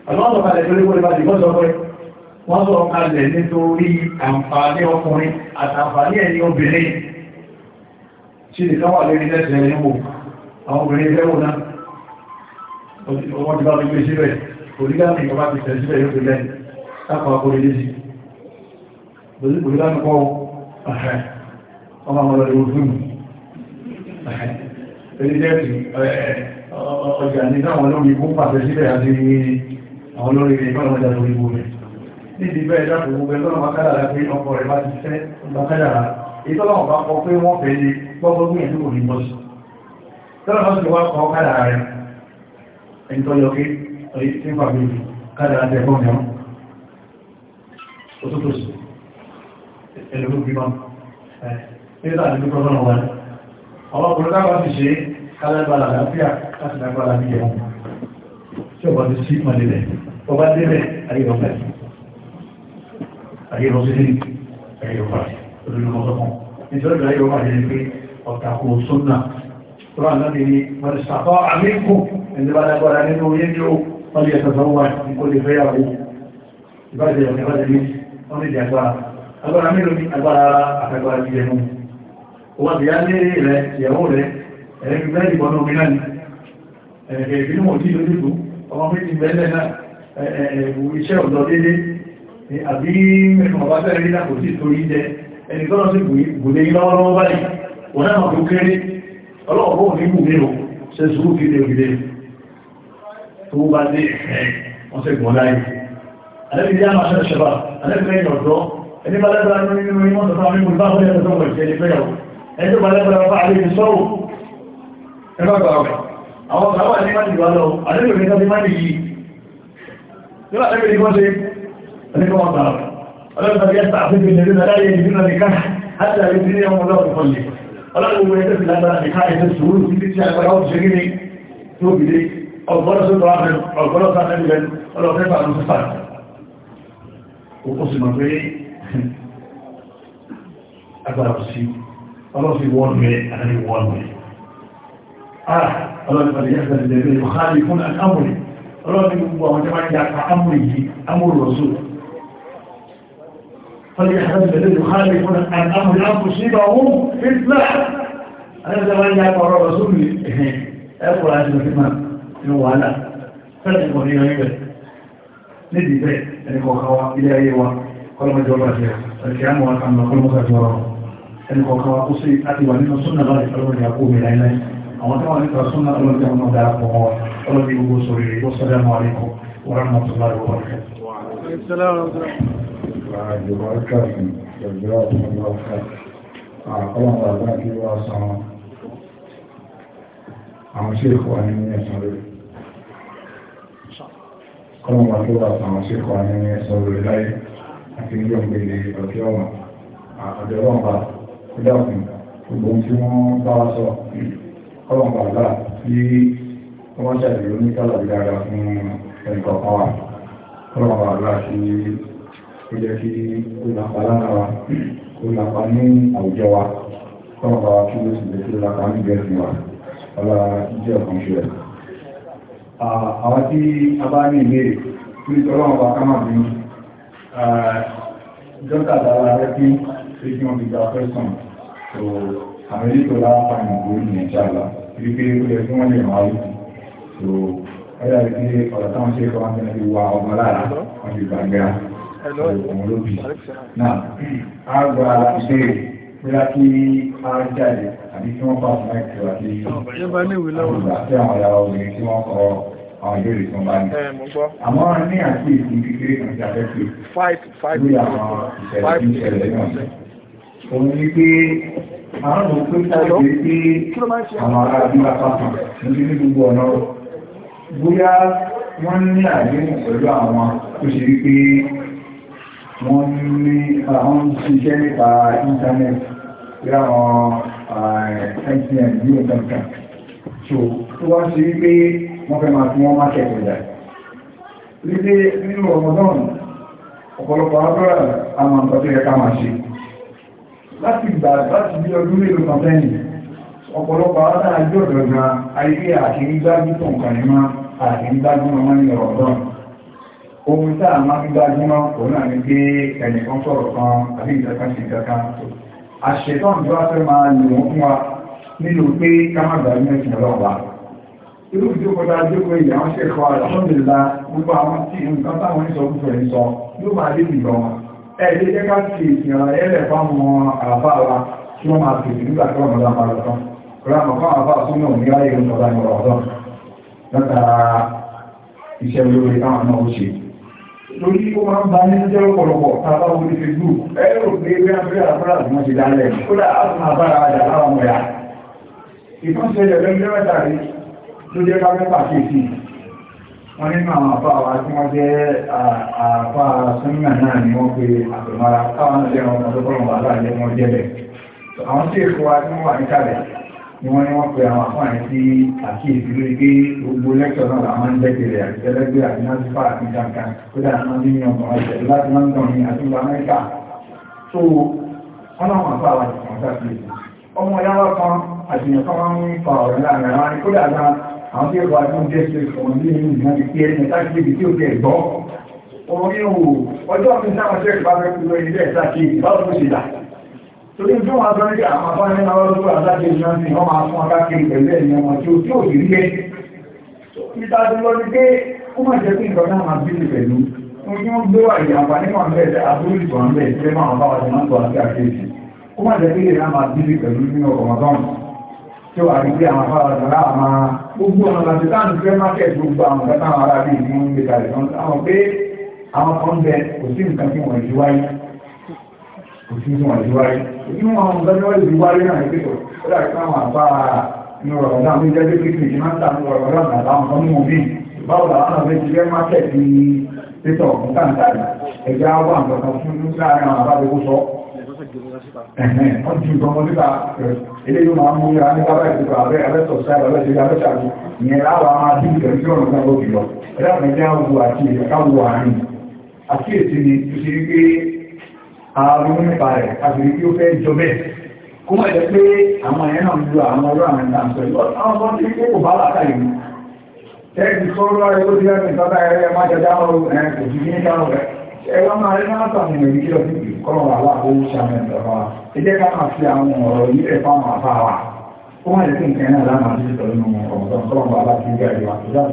àgbọ́sọ̀kalẹ̀ ìpínlẹ̀ wá dìbọ́sọ̀ pé àwọn obìnrin ẹgbẹ́ náà wọ́n bá mi gbé síbẹ̀ polygamy ìjọba ti tẹ̀lé sílẹ̀ yóò fi lẹ́yìn lápá akóredéjì lórí polygamy kọ́ ọ̀hẹ́ ọmọ ọmọ ìwò fíìmù ọjà ní káwọn olórin ikú pàṣẹ sílẹ̀ àti àwọn olórin ìgbọ́n ọjà tó rí gbogbo níbi bẹ́ẹ̀ dákò gbogbo ẹgbọ́n makádà rẹ̀ pé ọkọ̀ rẹ̀ bá ti fẹ́ makádà rà ìtọ́lọ́wọ̀n bá kọ pé wọ́n fẹ́ ní gbọ́gbọ́ gbìyànjú kò ní bọ́sù tọ́lọ́wọ́n sì wá kọ kádà rẹ̀ ẹni tọ́jọ́ kéé èyí tí ń pàbí káàdà àti ẹ̀kọ́ mìíràn òtútòsí ẹ̀lẹ́gbẹ́ gbígbọ́n nígbà àti gbígbọ́n náà wà ní àwọn ọkùnrin láwọn ti ṣe kálẹ́bàlà àlàáfíà láti lágbàlà ní ẹ̀wọ̀n tí ọba ti sí mọ̀lẹ́lẹ̀ ọba débẹ̀ ayélujáfẹ́ ayélujáfẹ́ ayélujáfẹ́ olùdókòtò nítorí ayélujáfẹ́ yẹn pé ọ̀tàkù sọ́nà tó wà lọ́dẹ̀ ní mọ̀lẹ́sàkọ́ àmì فليتزوج من كل خيار ìbájẹ̀ ìbájẹ̀ ní wọ́n lè jàgbára agbára mélòó ní agbára àtàgbára ti ẹ̀mú wọ́n ti yá lé rẹ̀ ìyàwó rẹ̀ ẹ̀rẹ́gbẹ̀ mẹ́rin bọ́nà omi náà ni ẹ̀rẹ́gbẹ̀ ìbínú mọ̀ tí lójútù ọmọ méjì mẹ́lẹ̀ náà iṣẹ́ ọ̀dọ́ dédé àbí mẹ́rin ọba fẹ́rẹ́ nílá kò sí torí jẹ ẹni tọ́nà sí gùnlé lọ́wọ́lọ́wọ́ báyìí wọ́n náà mọ̀ tó kéré ọlọ́ọ̀bọ̀ ní gùnlé o ṣe sùúrù kéde ògidè tó bá dé ẹ̀ wọ́n sì gbọ́n láyé alẹ́bí jẹ́ àmà ṣẹ́ṣẹ́ bá alẹ́bí lẹ́yìn ọ̀dọ́ ẹni bá lẹ́bàá nínú ìmọ̀ tó fáwọn mímú bá wọ́n yẹn tó wọ̀ ìṣẹ́lẹ̀ fẹ́yàwó ẹni tó bá lẹ́bàá bá alẹ́ ìṣọ́wò ẹ bá gbà ọ̀gá àwọn kàwà ní má nìgbà lọ alẹ́bí lẹ́yìn tó má nìyí nígbà alẹ́bí lẹ́yìn wọ́n ṣe ẹni tó wọ́n gbà ọ̀gá ọlọ́run tàbí ọmọ ọlọ́run fọ́lẹ̀ ọlọ́run wo ẹ̀tẹ́ títí tí agbára ó ti ṣe gíní tó bìlé ọgbọ́dọ̀ sí tọ́wà fẹ́ ọgbọ́dọ̀ sáfẹ́ ní ẹni ọlọ́fẹ́ bá ló sífà ó sì mọ̀ pé agbára sí ọlọ́fẹ́ wọ́n rẹ̀ àrí wọ́n rẹ̀ ah ọlọ́fẹ́ yẹ́ fẹ́ lè rí ọ̀hálì fún àmúrì ọlọ́fẹ́ gbogbo àwọn jẹ́ máa ń yàtọ̀ àmúrì yìí àmúrì rọ̀sùn فليحذر الذين يخالفون عن امر ان تصيبهم فتنه هذا ما يقول الرسول اقرا هذه الكلمه inú wàhálà fẹ́lẹ̀ ìmọ̀ ní ọ̀rẹ́ rẹ̀ nídìí bẹ́ẹ̀ ẹni kọ̀ọ̀kan wa ilé ayé wa kọ́lọ́mọjọ́ bá jẹ́ ẹ̀kẹ́ àmọ́ àmọ́ kọ́lọ́mọjọ́ jọ ọ̀rọ̀ ẹni kọ̀ọ̀kan wa kó sí àti wà nínú súnà báyìí kọ́lọ́mọjọ́ àkó mi láíláí àwọn tó wà nípa súnà kọ́lọ́mọjọ́ ọmọ darapọ̀ wọn kọ́lọ́mọjọ́ gbogbo sórí rẹ̀ wọ́n sọ́dá mọ́ àríkọ̀ wọ́n rán mọ́tò láì wọ́n rẹ̀. Àwọn ṣe ìkọ̀ ní ẹ̀sán lórí kọ́nà wà tó wà sàwọn sí kọ́ ní sọ̀rọ̀ láyé àti ilé ògbèlè ọjọ́ ọ̀nà àjọ ọlọ́mọba gbogbo tí wọ́n bá sọ ọlọ́mọba wà ọlọ́mọba tí ó jẹ́ kí ní àwùjọ wa ọlọ́mọba tí ó sì jẹ́ kí ó lápá nígbẹ̀ẹ́sì wa ọlá jẹ́ ọ̀kan ṣe àwọn tí a bá ní ìbéèrè tí tọ́lọ́wọ́n bá ká máa bínú dọ́kà dára rẹ̀ tí ṣéjì wọn fi gba fẹ́sàn tó àwọn ilé tó láàpá ìgbò ní ìjàlá rí pé ó yẹ kí wọ́n lè máa rí tó ọjà rí pé ọ̀rọ̀ táwọn ṣe kọ́ wọn fẹ́ẹ́ fi wa ọmọ lára wọn fi gbàgbé àwọn olóbi náà a gba ìbéèrè bóyá kí a jáde àbí kí wọ́n pàṣẹ náà kí wọ́n ti àwọn ìyàwó obìnrin tí wọ́n kọ́ àwọn ìbéèrè kan bá ní. àmọ́ ní àkíyèsí kékeré kan tí a fẹ́ pè lórí àwọn ìṣẹ̀lẹ̀ ìṣẹ̀lẹ̀ náà. òun ni pé àwọn òun pé sáré pé àwọn ará bí wá pápá níbi ní gbogbo ọ̀nà bóyá wọ́n ní àdéhùn pẹ̀lú àwọn tó ṣe wípé wọ́n ní àwọn ṣiṣẹ́ nípa íńtánẹ́ẹ̀tì bí àwọn mtn yóò kankan. so tó wá ṣe wípé wọ́n fẹ́ máa fi wọ́n má kẹ́ ìrìnlẹ̀ lílé nínú Ramadan ọ̀pọ̀lọpọ̀ abúrà àwọn nǹkan tó yẹ ká máa ṣe láti ìgbà láti bí ọdún mélòó kan sẹ́yìn ọ̀pọ̀lọpọ̀ àwọn àjọ Ramadan ohun tá a máa ń gbájú náà kò náà ní pé ẹnìkan sọ̀rọ̀ kan àbí ìjọkan sí ìjọkan àṣetọ́ ìjọ afẹ́ máa lò nínú pé ká má gbàgbé mẹ́sìn ọlọ́pàá irú ìjókòtà jókòó ìyà ń ṣe kọ àlọ́mìlá gbogbo àwọn tí nǹkan táwọn ìṣọ́kúfẹ́ ń sọ yóò máa dé ìgbọ̀n wọn ẹ̀ẹ́dẹ́ jẹ́ ti ìsìnra ẹlẹ̀ fáwọn àbá wa tí wọ́n máa tètè nígbà tí wọ́n máa bára tán ràmọ̀ fáwọn àbá tó náà ní ráyè ń sọ̀rọ̀ ìmọ̀ràn ọ̀dọ́ látara iṣẹ́ olóore táwọn náà ó ṣe torí ó máa ń ba ní jẹ́ ọ̀pọ̀lọpọ̀ tábà wo ní facebook ẹ̀rọ pé bí abẹ́rẹ́ àbúrà tí wọ́n ṣe dálẹ̀ kódà á tún àbára àjà láwọn ọmọ ya ìfọ́nṣẹ́lẹ̀ lẹ́gbẹ́rẹ́ ló jẹ́ káfẹ́ pàṣẹ́sì wọ́n nínú àwọn àpá wa tí wọ́n jẹ́ àpá sọ́nà náà ni wọ́n pe àpèmọ́ra káwọn jẹ́ wọn tó kọ́ wọn wà jẹ́ wọn àwọn tí èkó wa tí wọ́n wà níkàlẹ̀ ni wọ́n ní wọ́n pe àwọn àpá sí àkíyèsí lórí pé gbogbo lẹ́kṣọ̀ náà làwọn ń jẹ́kẹ̀rẹ̀ àtijọ́lẹ́gbẹ́ àti náà àti kankan kódà àwọn ní ọmọ ọ̀sẹ̀ láti London ní àti Amẹ́ríkà tó wọ́n náà wọ́n àpá wa ti kàn ọmọ ìyáwó kan àjìyàn kan máa ń fa ọ̀rẹ́ láàrin àwọn akódà náà àwọn tí ẹ̀kọ́ àti oúnjẹ ṣe ìfọ̀n ní ìlú ìyá ti pé ẹni táàkì ibi tí ó ti ẹ̀gbọ́ orí o ọjọ́ mi sáwọn ṣe ìbá fẹ́ kúrò ilé ẹ̀ta kí báwo ló ṣe dà torí tí wọ́n sọ nígbà àwọn afọ́ ní ọwọ́ lókùrọ̀ àtàkì ìlú náà ni wọ́n máa fún akáàkiri pẹ̀lú ẹ̀yìn ọmọ tí ó tí ò sì rí ẹ́ ìtàdé lọ ní pé ó máa jẹ́ pé nǹkan náà máa bí ní pẹ̀lú ó ní wọ́n gbé wà ìyá àǹfààní wọn bẹ́ẹ̀ àbúrò ìtọ̀ àǹbẹ̀ ìtẹ́ máa bá wa ṣe máa tọ́ àti àkejì ó máa jẹ́ pé ìyá máa bí ní pẹ̀lú nínú ọkọ̀ tí ó wà nígbé àwọn afárá ìrọ̀lá àmà gbogbo ọ̀nà láti táàmù fẹ́ mákẹ̀ẹ́ gbogbo àwọn ọ̀gá táwọn ará bí ìlú ń gbé kalẹ̀ kan táwọn pé àwọn kan bẹ kò sí nǹkan tí wọ́n ti wáyé kò sí tí wọ́n ti wáyé nínú àwọn ọ̀gá tí wọ́n ti wáyé náà pé ó dà kí àwọn ní ọ̀rọ̀ náà ló jẹ́ pé kí ìjì ọ̀rọ̀ náà làwọn kan mú bí báwo làwọn náà fẹ́ ti fẹ́ mákẹ̀ẹ́ ti pétọ̀ ọ̀gá táǹtà ẹ̀já wà nǹkan fún láàárín àwọn abáwọ̀ sọ ọdún ìgbọmọ nípa ilé yóò máa mú ra ní bábá ìdíkọ̀ abẹ́ ẹlẹ́sọ̀ọ́sá ẹlẹ́sọ̀ọ́sá ẹlẹ́sọ̀ọ́sá ìyẹn láwà máa bí ìgbẹ̀rẹ̀ tí ọ̀nà kan lóbi lọ ẹlẹ́pẹ̀já wo àti ìrẹ̀ká wo àárín àkíyèsí ni tó ṣe wípé ààrùn nípa rẹ̀ àbìrí pé ó fẹ́ jọ bẹ́ẹ̀ kó mọ̀ jẹ́ pé àwọn ẹ̀yẹn náà ń lo àwọn ọlọ́ àwọn ẹ̀dá sọ ìwọ́n ẹ̀rọ máa rí náà tàbí ìwé kí kọ́rọ̀ wà láàbò ṣàmì ìjọba ẹjẹ́ ká máa àwọn ọ̀rọ̀ yìí rẹ̀ fáwọn àbá wa ó wà lẹ́kùn kẹ́rin náà láàmà